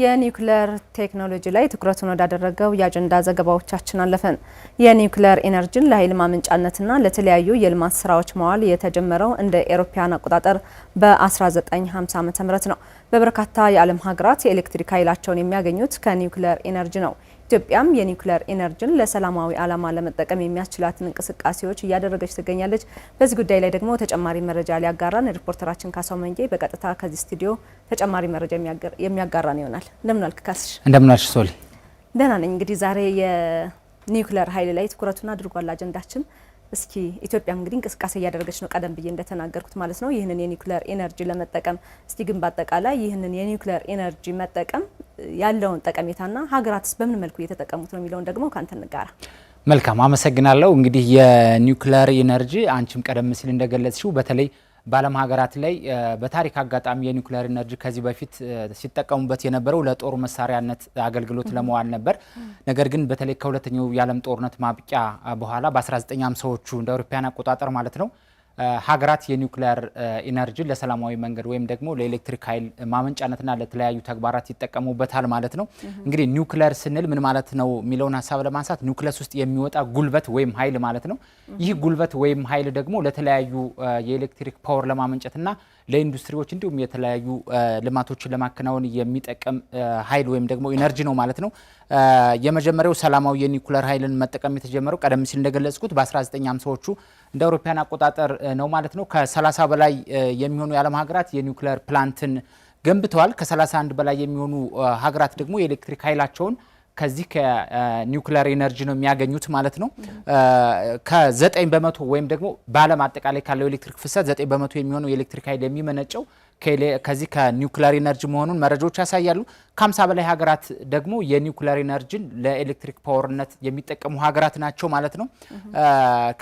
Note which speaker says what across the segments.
Speaker 1: የኒውክሌር ቴክኖሎጂ ላይ ትኩረቱን ወዳደረገው የአጀንዳ ዘገባዎቻችን አለፈን። የኒውክሌር ኢነርጂን ለኃይል ማመንጫነትና ለተለያዩ የልማት ስራዎች መዋል የተጀመረው እንደ ኤሮፓያን አቆጣጠር በ1950 ዓ.ም ነው። በበርካታ የዓለም ሀገራት የኤሌክትሪክ ኃይላቸውን የሚያገኙት ከኒውክሌር ኢነርጂ ነው። ኢትዮጵያም የኒውክሌር ኢነርጂን ለሰላማዊ ዓላማ ለመጠቀም የሚያስችላትን እንቅስቃሴዎች እያደረገች ትገኛለች። በዚህ ጉዳይ ላይ ደግሞ ተጨማሪ መረጃ ሊያጋራን ሪፖርተራችን ካሳው መንጌ በቀጥታ ከዚህ ስቱዲዮ ተጨማሪ መረጃ የሚያጋራን ይሆናል። እንደምናልክ ካስሽ? እንደምናልሽ ሶሊ? ደህና ነኝ። እንግዲህ ዛሬ የኒውክሌር ኃይል ላይ ትኩረቱን አድርጓል አጀንዳችን እስኪ ኢትዮጵያም እንግዲህ እንቅስቃሴ እያደረገች ነው፣ ቀደም ብዬ እንደተናገርኩት ማለት ነው። ይህንን የኒውክሌር ኤነርጂ ለመጠቀም እስቲ ግን በአጠቃላይ ይህንን የኒውክሌር ኤነርጂ መጠቀም ያለውን ጠቀሜታና ሀገራትስ በምን መልኩ እየተጠቀሙት ነው የሚለውን ደግሞ ከአንተ እንጋራ። መልካም አመሰግናለሁ። እንግዲህ የኒውክሌር ኤነርጂ አንቺም ቀደም ሲል እንደገለጽሽው በተለይ በዓለም ሀገራት ላይ በታሪክ አጋጣሚ የኒውክሌር ኢነርጂ ከዚህ በፊት ሲጠቀሙበት የነበረው ለጦር መሳሪያነት አገልግሎት ለመዋል ነበር። ነገር ግን በተለይ ከሁለተኛው የዓለም ጦርነት ማብቂያ በኋላ በ1950ዎቹ እንደ አውሮፓውያን አቆጣጠር ማለት ነው ሀገራት የኒውክሊየር ኢነርጂ ለሰላማዊ መንገድ ወይም ደግሞ ለኤሌክትሪክ ኃይል ማመንጫነትና ለተለያዩ ተግባራት ይጠቀሙበታል ማለት ነው። እንግዲህ ኒውክሊየር ስንል ምን ማለት ነው የሚለውን ሀሳብ ለማንሳት ኒውክሊየስ ውስጥ የሚወጣ ጉልበት ወይም ኃይል ማለት ነው። ይህ ጉልበት ወይም ኃይል ደግሞ ለተለያዩ የኤሌክትሪክ ፓወር ለማመንጨትና ለኢንዱስትሪዎች እንዲሁም የተለያዩ ልማቶችን ለማከናወን የሚጠቀም ኃይል ወይም ደግሞ ኢነርጂ ነው ማለት ነው። የመጀመሪያው ሰላማዊ የኒውክሊየር ኃይልን መጠቀም የተጀመረው ቀደም ሲል እንደገለጽኩት በ1950ዎቹ እንደ አውሮፓያን አቆጣጠር ነው ማለት ነው። ከ30 በላይ የሚሆኑ የዓለም ሀገራት የኒውክሌር ፕላንትን ገንብተዋል። ከ31 በላይ የሚሆኑ ሀገራት ደግሞ የኤሌክትሪክ ኃይላቸውን ከዚህ ከኒውክሊየር ኤነርጂ ነው የሚያገኙት ማለት ነው። ከዘጠኝ በመቶ ወይም ደግሞ በዓለም አጠቃላይ ካለው ኤሌክትሪክ ፍሰት ዘጠኝ በመቶ የሚሆነው የኤሌክትሪክ ኃይል የሚመነጨው ከዚህ ከኒውክሊየር ኤነርጂ መሆኑን መረጃዎች ያሳያሉ። ከሀምሳ በላይ ሀገራት ደግሞ የኒውክሊየር ኤነርጂን ለኤሌክትሪክ ፓወርነት የሚጠቀሙ ሀገራት ናቸው ማለት ነው።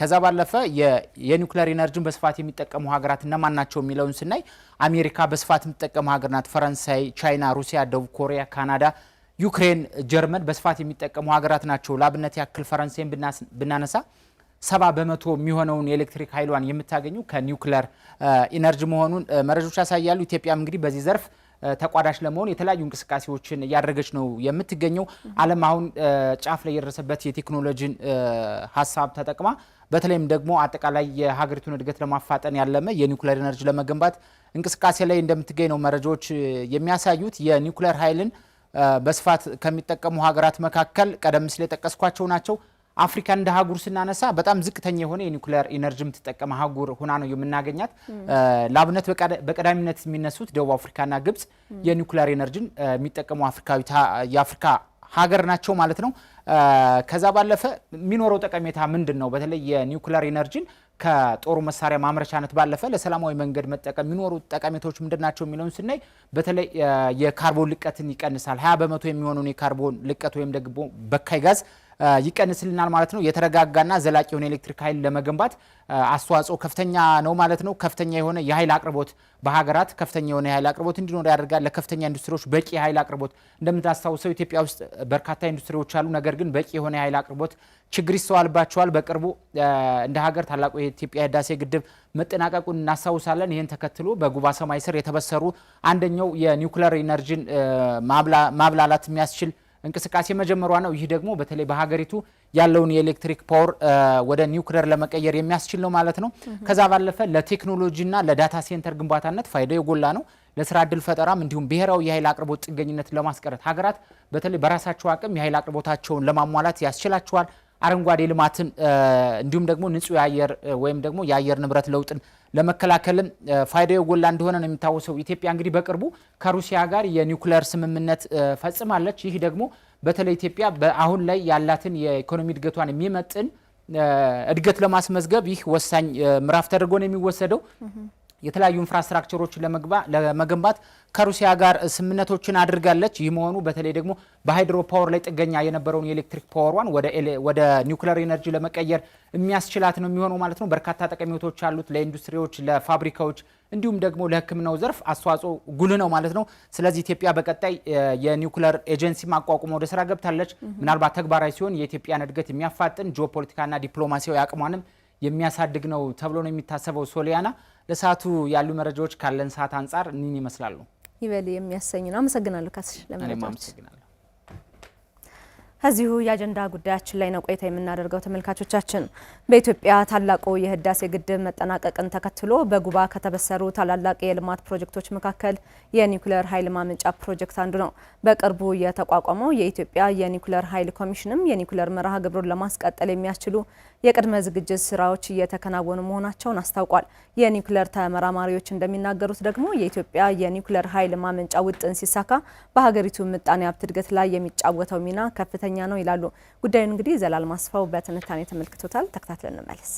Speaker 1: ከዛ ባለፈ የኒውክሊየር ኤነርጂን በስፋት የሚጠቀሙ ሀገራት እነማን ናቸው የሚለውን ስናይ አሜሪካ በስፋት የሚጠቀሙ ሀገር ናት። ፈረንሳይ፣ ቻይና፣ ሩሲያ፣ ደቡብ ኮሪያ፣ ካናዳ ዩክሬን፣ ጀርመን በስፋት የሚጠቀሙ ሀገራት ናቸው። ለአብነት ያክል ፈረንሳይን ብናነሳ ሰባ በመቶ የሚሆነውን የኤሌክትሪክ ኃይሏን የምታገኙ ከኒውክለር ኢነርጂ መሆኑን መረጃዎች ያሳያሉ። ኢትዮጵያም እንግዲህ በዚህ ዘርፍ ተቋዳሽ ለመሆን የተለያዩ እንቅስቃሴዎችን እያደረገች ነው የምትገኘው። ዓለም አሁን ጫፍ ላይ የደረሰበት የቴክኖሎጂን ሀሳብ ተጠቅማ በተለይም ደግሞ አጠቃላይ የሀገሪቱን እድገት ለማፋጠን ያለመ የኒውክሌር ኤነርጂ ለመገንባት እንቅስቃሴ ላይ እንደምትገኝ ነው መረጃዎች የሚያሳዩት የኒውክሌር ኃይልን በስፋት ከሚጠቀሙ ሀገራት መካከል ቀደም ሲል የጠቀስኳቸው ናቸው። አፍሪካ እንደ አህጉር ስናነሳ በጣም ዝቅተኛ የሆነ የኒውክሊየር ኢነርጂ የምትጠቀም አህጉር ሆና ነው የምናገኛት። ለአብነት በቀዳሚነት የሚነሱት ደቡብ አፍሪካና ግብጽ የኒውክሊየር ኢነርጂን የሚጠቀሙ የአፍሪካ ሀገር ናቸው ማለት ነው። ከዛ ባለፈ የሚኖረው ጠቀሜታ ምንድን ነው? በተለይ የኒውክሊየር ኢነርጂን ከጦሩ መሳሪያ ማምረቻነት ባለፈ ለሰላማዊ መንገድ መጠቀም የሚኖሩ ጠቀሜታዎች ምንድን ናቸው የሚለውን ስናይ በተለይ የካርቦን ልቀትን ይቀንሳል። ሀያ በመቶ የሚሆነውን የካርቦን ልቀት ወይም ደግሞ በካይ ጋዝ ይቀንስልናል ማለት ነው። የተረጋጋና ዘላቂ የሆነ ኤሌክትሪክ ኃይል ለመገንባት አስተዋጽኦ ከፍተኛ ነው ማለት ነው። ከፍተኛ የሆነ የኃይል አቅርቦት በሀገራት ከፍተኛ የሆነ የኃይል አቅርቦት እንዲኖር ያደርጋል። ለከፍተኛ ኢንዱስትሪዎች በቂ የኃይል አቅርቦት እንደምታስታውሰው ኢትዮጵያ ውስጥ በርካታ ኢንዱስትሪዎች አሉ። ነገር ግን በቂ የሆነ የኃይል አቅርቦት ችግር ይስተዋልባቸዋል። በቅርቡ እንደ ሀገር ታላቁ የኢትዮጵያ ህዳሴ ግድብ መጠናቀቁን እናስታውሳለን። ይህን ተከትሎ በጉባ ሰማይ ስር የተበሰሩ አንደኛው የኒውክለር ኢነርጂን ማብላላት የሚያስችል እንቅስቃሴ መጀመሯ ነው። ይህ ደግሞ በተለይ በሀገሪቱ ያለውን የኤሌክትሪክ ፓወር ወደ ኒውክለር ለመቀየር የሚያስችል ነው ማለት ነው። ከዛ ባለፈ ለቴክኖሎጂና ለዳታ ሴንተር ግንባታነት ፋይዳው የጎላ ነው። ለስራ እድል ፈጠራም እንዲሁም ብሔራዊ የኃይል አቅርቦት ጥገኝነት ለማስቀረት ሀገራት በተለይ በራሳቸው አቅም የኃይል አቅርቦታቸውን ለማሟላት ያስችላቸዋል። አረንጓዴ ልማትን እንዲሁም ደግሞ ንጹህ የአየር ወይም ደግሞ የአየር ንብረት ለውጥን ለመከላከልም ፋይዳ የጎላ እንደሆነ ነው የሚታወሰው። ኢትዮጵያ እንግዲህ በቅርቡ ከሩሲያ ጋር የኒውክሌር ስምምነት ፈጽማለች። ይህ ደግሞ በተለይ ኢትዮጵያ በአሁን ላይ ያላትን የኢኮኖሚ እድገቷን የሚመጥን እድገት ለማስመዝገብ ይህ ወሳኝ ምዕራፍ ተደርጎ ነው የሚወሰደው። የተለያዩ ኢንፍራስትራክቸሮችን ለመገንባት ከሩሲያ ጋር ስምምነቶችን አድርጋለች። ይህ መሆኑ በተለይ ደግሞ በሃይድሮ ፓወር ላይ ጥገኛ የነበረውን የኤሌክትሪክ ፓወሯን ወደ ኒውክለር ኤነርጂ ለመቀየር የሚያስችላት ነው የሚሆነው ማለት ነው። በርካታ ጠቀሜቶች አሉት ለኢንዱስትሪዎች፣ ለፋብሪካዎች እንዲሁም ደግሞ ለሕክምናው ዘርፍ አስተዋጽኦ ጉልህ ነው ማለት ነው። ስለዚህ ኢትዮጵያ በቀጣይ የኒውክለር ኤጀንሲ ማቋቁመ ወደ ስራ ገብታለች። ምናልባት ተግባራዊ ሲሆን የኢትዮጵያን እድገት የሚያፋጥን ጂኦፖለቲካና ዲፕሎማሲያዊ አቅሟንም የሚያሳድግ ነው ተብሎ ነው የሚታሰበው። ሶሊያና፣ ለሰዓቱ ያሉ መረጃዎች ካለን ሰዓት አንጻር እኒን ይመስላሉ። ይበል የሚያሰኝ ነው። አመሰግናለሁ ካስሽ ለመረጃዎች። ከዚሁ የአጀንዳ ጉዳያችን ላይ ነው ቆይታ የምናደርገው። ተመልካቾቻችን በኢትዮጵያ ታላቁ የህዳሴ ግድብ መጠናቀቅን ተከትሎ በጉባ ከተበሰሩ ታላላቅ የልማት ፕሮጀክቶች መካከል የኒውክሌር ኃይል ማመንጫ ፕሮጀክት አንዱ ነው። በቅርቡ የተቋቋመው የኢትዮጵያ የኒውክሌር ኃይል ኮሚሽንም የኒውክሌር መርሃ ግብሩን ለማስቀጠል የሚያስችሉ የቅድመ ዝግጅት ስራዎች እየተከናወኑ መሆናቸውን አስታውቋል። የኒውክሌር ተመራማሪዎች እንደሚናገሩት ደግሞ የኢትዮጵያ የኒውክሌር ኃይል ማመንጫ ውጥን ሲሳካ በሀገሪቱ ምጣኔ ሀብት እድገት ላይ የሚጫወተው ሚና ከፍተኛ ነው ይላሉ። ጉዳዩን እንግዲህ ዘላል ማስፋው በትንታኔ ተመልክቶታል። ተከታትለን እንመለስ።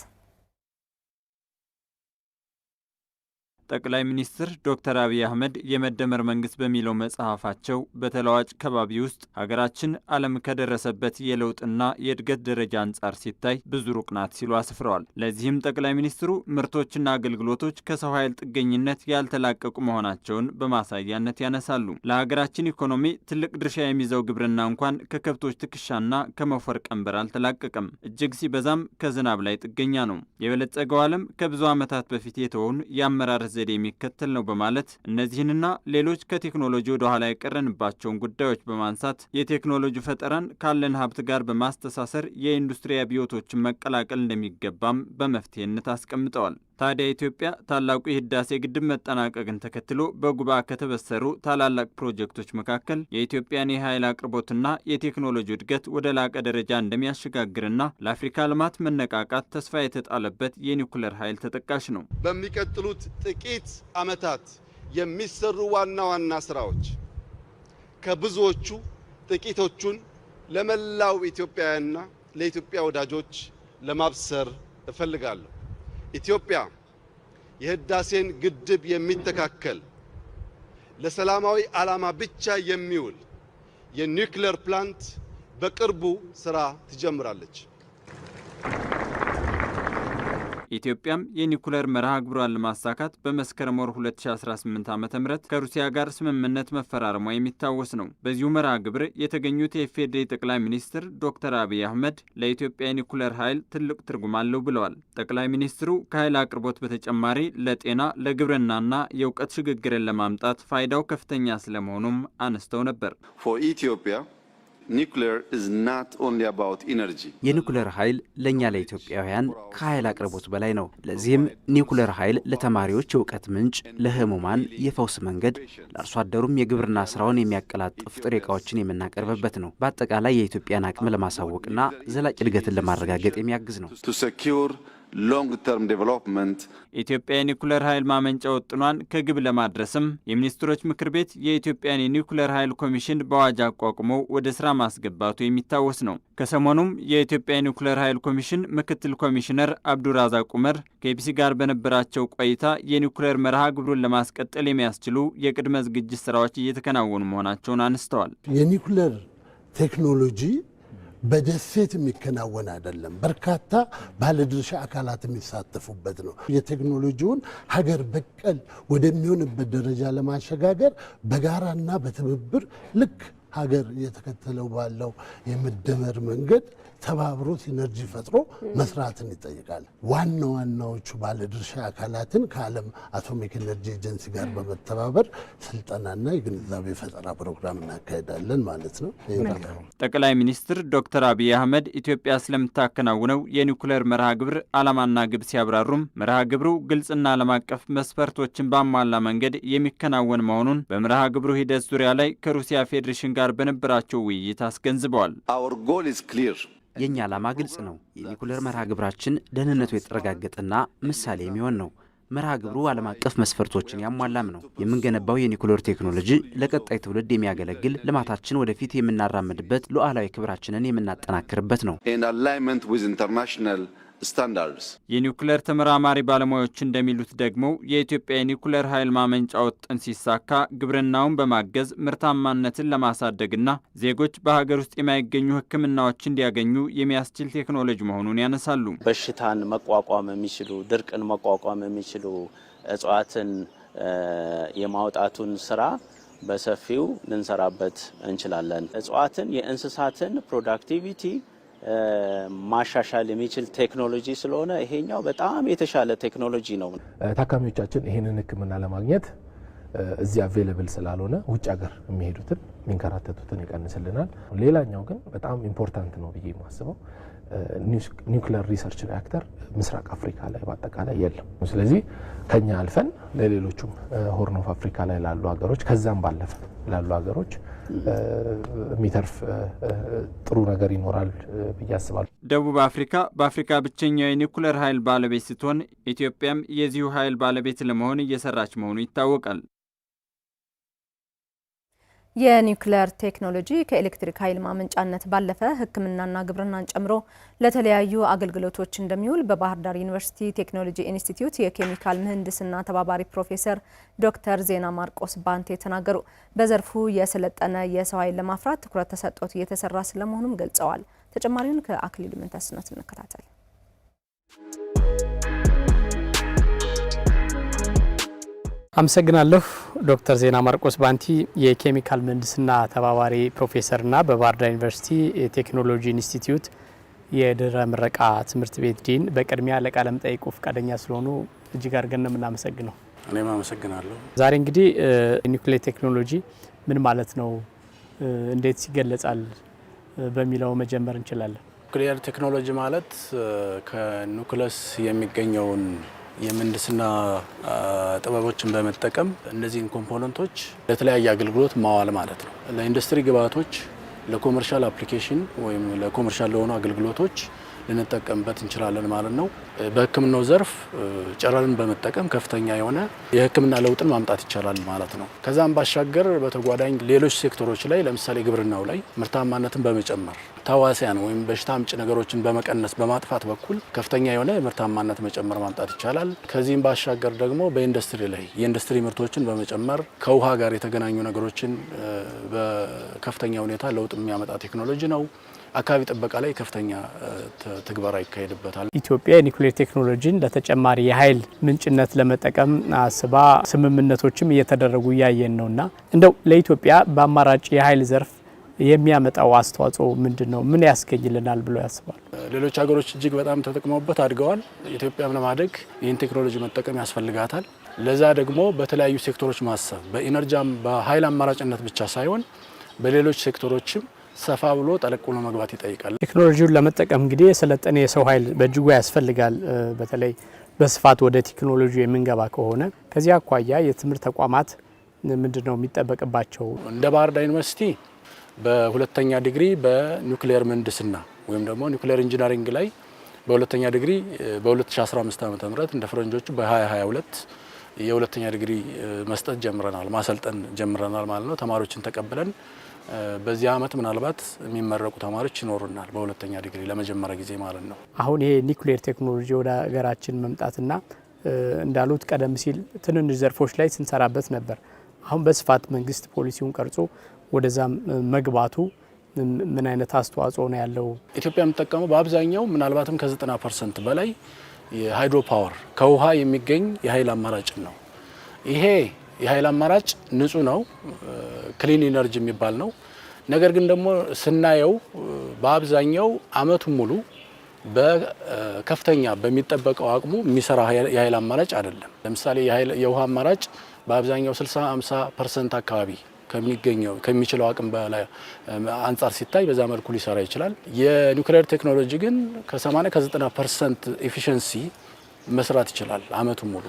Speaker 1: ጠቅላይ ሚኒስትር ዶክተር አብይ አህመድ የመደመር መንግስት በሚለው መጽሐፋቸው በተለዋጭ ከባቢ ውስጥ ሀገራችን ዓለም ከደረሰበት የለውጥና የእድገት ደረጃ አንጻር ሲታይ ብዙ ሩቅ ናት ሲሉ አስፍረዋል። ለዚህም ጠቅላይ ሚኒስትሩ ምርቶችና አገልግሎቶች ከሰው ኃይል ጥገኝነት ያልተላቀቁ መሆናቸውን በማሳያነት ያነሳሉ። ለሀገራችን ኢኮኖሚ ትልቅ ድርሻ የሚይዘው ግብርና እንኳን ከከብቶች ትከሻና ከመፈር ቀንበር አልተላቀቀም። እጅግ ሲበዛም ከዝናብ ላይ ጥገኛ ነው። የበለጸገው ዓለም ከብዙ ዓመታት በፊት የተወውን የአመራር ዘዴ የሚከተል ነው በማለት እነዚህንና ሌሎች ከቴክኖሎጂ ወደ ኋላ የቀረንባቸውን ጉዳዮች በማንሳት የቴክኖሎጂ ፈጠራን ካለን ሀብት ጋር በማስተሳሰር የኢንዱስትሪ አብዮቶችን መቀላቀል እንደሚገባም በመፍትሄነት አስቀምጠዋል። ታዲያ ኢትዮጵያ ታላቁ የህዳሴ ግድብ መጠናቀቅን ተከትሎ በጉባ ከተበሰሩ ታላላቅ ፕሮጀክቶች መካከል የኢትዮጵያን የኃይል አቅርቦትና የቴክኖሎጂ እድገት ወደ ላቀ ደረጃ እንደሚያሸጋግርና ለአፍሪካ ልማት መነቃቃት ተስፋ የተጣለበት የኒኩለር ኃይል ተጠቃሽ ነው። በሚቀጥሉት ጥቂት ዓመታት የሚሰሩ ዋና ዋና ስራዎች ከብዙዎቹ ጥቂቶቹን ለመላው ኢትዮጵያውያንና ለኢትዮጵያ ወዳጆች ለማብሰር እፈልጋለሁ። ኢትዮጵያ የህዳሴን ግድብ የሚተካከል ለሰላማዊ ዓላማ ብቻ የሚውል የኒውክሌር ፕላንት በቅርቡ ስራ ትጀምራለች። ኢትዮጵያም የኒኩለር መርሃ ግብሯን ለማሳካት በመስከረም ወር 2018 ዓ ም ከሩሲያ ጋር ስምምነት መፈራረሟ የሚታወስ ነው። በዚሁ መርሃ ግብር የተገኙት የኢፌዴሪ ጠቅላይ ሚኒስትር ዶክተር አብይ አህመድ ለኢትዮጵያ የኒኩለር ኃይል ትልቅ ትርጉም አለው ብለዋል። ጠቅላይ ሚኒስትሩ ከኃይል አቅርቦት በተጨማሪ ለጤና ለግብርናና የእውቀት ሽግግርን ለማምጣት ፋይዳው ከፍተኛ ስለመሆኑም አነስተው ነበር። የኒኩሌር ኃይል ለእኛ ለኢትዮጵያውያን ከኃይል አቅርቦት በላይ ነው። ለዚህም ኒኩሌር ኃይል ለተማሪዎች የእውቀት ምንጭ፣ ለህሙማን የፈውስ መንገድ፣ ለአርሶ አደሩም የግብርና ስራውን የሚያቀላጥፍ ጥሬ ዕቃዎችን የምናቀርብበት ነው። በአጠቃላይ የኢትዮጵያን አቅም ለማሳወቅና ዘላቂ እድገትን ለማረጋገጥ የሚያግዝ ነው። ሎንግ ተርም ዴቨሎፕመንት ኢትዮጵያ የኒኩለር ኃይል ማመንጫ ውጥኗን ከግብ ለማድረስም የሚኒስትሮች ምክር ቤት የኢትዮጵያን የኒኩለር ኃይል ኮሚሽን በአዋጅ አቋቁሞ ወደ ስራ ማስገባቱ የሚታወስ ነው። ከሰሞኑም የኢትዮጵያ የኒኩለር ኃይል ኮሚሽን ምክትል ኮሚሽነር አብዱራዛቅ ኡመር ከኢቢሲ ጋር በነበራቸው ቆይታ የኒኩለር መርሃ ግብሩን ለማስቀጠል የሚያስችሉ የቅድመ ዝግጅት ስራዎች እየተከናወኑ መሆናቸውን አንስተዋል። የኒኩለር ቴክኖሎጂ በደሴት የሚከናወን አይደለም። በርካታ ባለድርሻ አካላት የሚሳተፉበት ነው። የቴክኖሎጂውን ሀገር በቀል ወደሚሆንበት ደረጃ ለማሸጋገር በጋራና በትብብር ልክ ሀገር እየተከተለው ባለው የመደመር መንገድ ተባብሮ ሲነርጂ ፈጥሮ መስራትን ይጠይቃል። ዋና ዋናዎቹ ባለድርሻ አካላትን ከዓለም አቶሚክ ኤነርጂ ኤጀንሲ ጋር በመተባበር ስልጠናና የግንዛቤ ፈጠራ ፕሮግራም እናካሄዳለን ማለት ነው። ጠቅላይ ሚኒስትር ዶክተር አብይ አህመድ ኢትዮጵያ ስለምታከናውነው የኒውክሌር መርሃ ግብር ዓላማና ግብ ሲያብራሩም መርሃ ግብሩ ግልጽና ዓለም አቀፍ መስፈርቶችን ባሟላ መንገድ የሚከናወን መሆኑን በመርሃ ግብሩ ሂደት ዙሪያ ላይ ከሩሲያ ፌዴሬሽን ጋር በነበራቸው ውይይት አስገንዝበዋል። የእኛ ዓላማ ግልጽ ነው። የኒኩለር መርሃ ግብራችን ደህንነቱ የተረጋገጠና ምሳሌ የሚሆን ነው። መርሃ ግብሩ ዓለም አቀፍ መስፈርቶችን ያሟላም ነው። የምንገነባው የኒኩለር ቴክኖሎጂ ለቀጣይ ትውልድ የሚያገለግል ልማታችን ወደፊት የምናራምድበት ሉዓላዊ ክብራችንን የምናጠናክርበት ነው። ስታንዳርድስ። የኒውክሌር ተመራማሪ ባለሙያዎች እንደሚሉት ደግሞ የኢትዮጵያ የኒውክሌር ኃይል ማመንጫ ወጥን ሲሳካ ግብርናውን በማገዝ ምርታማነትን ለማሳደግና ዜጎች በሀገር ውስጥ የማይገኙ ሕክምናዎች እንዲያገኙ የሚያስችል ቴክኖሎጂ መሆኑን ያነሳሉ። በሽታን መቋቋም የሚችሉ ድርቅን መቋቋም የሚችሉ እጽዋትን የማውጣቱን ስራ በሰፊው ልንሰራበት እንችላለን። እጽዋትን የእንስሳትን ፕሮዳክቲቪቲ ማሻሻል የሚችል ቴክኖሎጂ ስለሆነ ይሄኛው በጣም የተሻለ ቴክኖሎጂ ነው። ታካሚዎቻችን ይህንን ሕክምና ለማግኘት እዚህ አቬለብል ስላልሆነ ውጭ ሀገር የሚሄዱትን የሚንከራተቱትን ይቀንስልናል። ሌላኛው ግን በጣም ኢምፖርታንት ነው ብዬ የማስበው ኒውክሊየር ሪሰርች ሪያክተር ምስራቅ አፍሪካ ላይ በአጠቃላይ የለም። ስለዚህ ከኛ አልፈን ለሌሎቹም ሆርን ኦፍ አፍሪካ ላይ ላሉ ሀገሮች ከዛም ባለፈ ላሉ ሀገሮች የሚተርፍ ጥሩ ነገር ይኖራል ብዬ አስባለሁ። ደቡብ አፍሪካ በአፍሪካ ብቸኛው የኒኩለር ኃይል ባለቤት ስትሆን ኢትዮጵያም የዚሁ ኃይል ባለቤት ለመሆን እየሰራች መሆኑ ይታወቃል። የኒውክሌር ቴክኖሎጂ ከኤሌክትሪክ ኃይል ማመንጫነት ባለፈ ሕክምናና ግብርናን ጨምሮ ለተለያዩ አገልግሎቶች እንደሚውል በባህር ዳር ዩኒቨርሲቲ ቴክኖሎጂ ኢንስቲትዩት የኬሚካል ምህንድስና ተባባሪ ፕሮፌሰር ዶክተር ዜና ማርቆስ ባንቴ ተናገሩ። በዘርፉ የሰለጠነ የሰው ኃይል ለማፍራት ትኩረት ተሰጥቶት እየተሰራ ስለመሆኑም ገልጸዋል። ተጨማሪውን ከአክሊሉ ምንተስነት እንከታተል። አመሰግናለሁ ዶክተር ዜና ማርቆስ ባንቲ የኬሚካል ምህንድስና ተባባሪ ፕሮፌሰርና በባህር ዳር ዩኒቨርሲቲ የቴክኖሎጂ ኢንስቲትዩት የድህረ ምረቃ ትምህርት ቤት ዲን፣ በቅድሚያ ለቃለ መጠይቁ ፈቃደኛ ስለሆኑ እጅግ አድርገን ነው የምናመሰግነው። እኔም አመሰግናለሁ። ዛሬ እንግዲህ ኒውክሌር ቴክኖሎጂ ምን ማለት ነው፣ እንዴት ይገለጻል በሚለው መጀመር እንችላለን። ኒውክሌር ቴክኖሎጂ ማለት ከኒውክለስ የሚገኘውን የምህንድስና ጥበቦችን በመጠቀም እነዚህን ኮምፖነንቶች ለተለያየ አገልግሎት ማዋል ማለት ነው። ለኢንዱስትሪ ግብዓቶች፣ ለኮመርሻል አፕሊኬሽን ወይም ለኮመርሻል ለሆኑ አገልግሎቶች ልንጠቀምበት እንችላለን ማለት ነው። በህክምናው ዘርፍ ጨረርን በመጠቀም ከፍተኛ የሆነ የህክምና ለውጥን ማምጣት ይቻላል ማለት ነው። ከዛም ባሻገር በተጓዳኝ ሌሎች ሴክተሮች ላይ ለምሳሌ ግብርናው ላይ ምርታማነትን በመጨመር ታዋሲያን ወይም በሽታ ነገሮችን በመቀነስ በማጥፋት በኩል ከፍተኛ የሆነ ምርታማነት መጨመር ማምጣት ይቻላል። ከዚህም ባሻገር ደግሞ በኢንዱስትሪ ላይ የኢንዱስትሪ ምርቶችን በመጨመር ከውሃ ጋር የተገናኙ ነገሮችን በከፍተኛ ሁኔታ ለውጥ የሚያመጣ ቴክኖሎጂ ነው። አካባቢ ጥበቃ ላይ ከፍተኛ ትግበራ ይካሄድበታል። ኢትዮጵያ የኒውክሌር ቴክኖሎጂን ለተጨማሪ የኃይል ምንጭነት ለመጠቀም አስባ ስምምነቶችም እየተደረጉ እያየን ነውና እንደው ለኢትዮጵያ በአማራጭ የኃይል ዘርፍ የሚያመጣው አስተዋጽኦ ምንድን ነው? ምን ያስገኝልናል ብሎ ያስባል? ሌሎች ሀገሮች እጅግ በጣም ተጠቅመውበት አድገዋል። ኢትዮጵያም ለማደግ ይህን ቴክኖሎጂ መጠቀም ያስፈልጋታል። ለዛ ደግሞ በተለያዩ ሴክተሮች ማሰብ በኢነርጂም በኃይል አማራጭነት ብቻ ሳይሆን በሌሎች ሴክተሮችም ሰፋ ብሎ ጠለቅ ብሎ መግባት ይጠይቃል። ቴክኖሎጂውን ለመጠቀም እንግዲህ የሰለጠነ የሰው ኃይል በእጅጉ ያስፈልጋል። በተለይ በስፋት ወደ ቴክኖሎጂ የምንገባ ከሆነ ከዚህ አኳያ የትምህርት ተቋማት ምንድን ነው የሚጠበቅባቸው? እንደ ባህር ዳር ዩኒቨርሲቲ በሁለተኛ ዲግሪ በኒውክሊየር ምህንድስና ወይም ደግሞ ኒውክሊየር ኢንጂነሪንግ ላይ በሁለተኛ ዲግሪ በ2015 ዓ ም እንደ ፈረንጆቹ በ2022 የሁለተኛ ዲግሪ መስጠት ጀምረናል፣ ማሰልጠን ጀምረናል ማለት ነው። ተማሪዎችን ተቀብለን በዚህ አመት ምናልባት የሚመረቁ ተማሪዎች ይኖሩናል በሁለተኛ ዲግሪ ለመጀመሪያ ጊዜ ማለት ነው። አሁን ይሄ ኒውክሌር ቴክኖሎጂ ወደ ሀገራችን መምጣትና እንዳሉት ቀደም ሲል ትንንሽ ዘርፎች ላይ ስንሰራበት ነበር። አሁን በስፋት መንግስት ፖሊሲውን ቀርጾ ወደዛም መግባቱ ምን አይነት አስተዋጽኦ ነው ያለው? ኢትዮጵያ የምጠቀመው በአብዛኛው ምናልባትም ከ90 ፐርሰንት በላይ የሃይድሮ ፓወር ከውሃ የሚገኝ የኃይል አማራጭ ነው። ይሄ የኃይል አማራጭ ንጹህ ነው፣ ክሊን ኢነርጂ የሚባል ነው። ነገር ግን ደግሞ ስናየው በአብዛኛው አመቱ ሙሉ በከፍተኛ በሚጠበቀው አቅሙ የሚሰራ የኃይል አማራጭ አይደለም። ለምሳሌ የውሃ አማራጭ በአብዛኛው 60 50 ፐርሰንት አካባቢ ከሚገኘው ከሚችለው አቅም በላይ አንጻር ሲታይ በዛ መልኩ ሊሰራ ይችላል። የኒውክሌር ቴክኖሎጂ ግን ከ80 ከ90 ፐርሰንት ኤፊሽንሲ መስራት ይችላል አመቱ ሙሉ።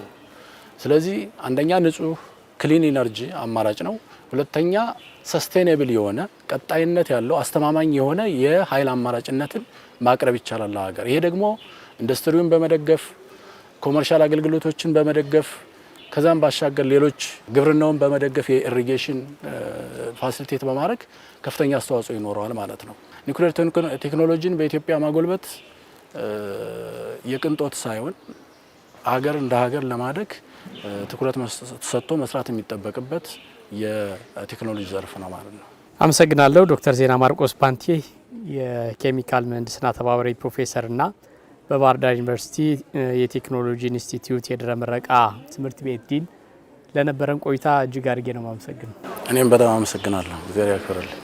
Speaker 1: ስለዚህ አንደኛ ንጹህ ክሊን ኢነርጂ አማራጭ ነው። ሁለተኛ ሰስቴኔብል የሆነ ቀጣይነት ያለው አስተማማኝ የሆነ የኃይል አማራጭነትን ማቅረብ ይቻላል ለሀገር። ይሄ ደግሞ ኢንዱስትሪውን በመደገፍ ኮመርሻል አገልግሎቶችን በመደገፍ ከዛም ባሻገር ሌሎች ግብርናውን በመደገፍ የኢሪጌሽን ፋሲሊቴት በማድረግ ከፍተኛ አስተዋጽኦ ይኖረዋል ማለት ነው። ኒኩሌር ቴክኖሎጂን በኢትዮጵያ ማጎልበት የቅንጦት ሳይሆን ሀገር እንደ ሀገር ለማደግ ትኩረት ሰጥቶ መስራት የሚጠበቅበት የቴክኖሎጂ ዘርፍ ነው ማለት ነው። አመሰግናለሁ ዶክተር ዜና ማርቆስ ፓንቴ የኬሚካል ምህንድስና ተባባሪ ፕሮፌሰርና በባህር ዳር ዩኒቨርሲቲ የቴክኖሎጂ ኢንስቲትዩት የድህረ ምረቃ ትምህርት ቤት ዲን፣ ለነበረን ቆይታ እጅግ አድርጌ ነው ማመሰግነው። እኔም በጣም አመሰግናለሁ። እግዚአብሔር ያክብርልኝ።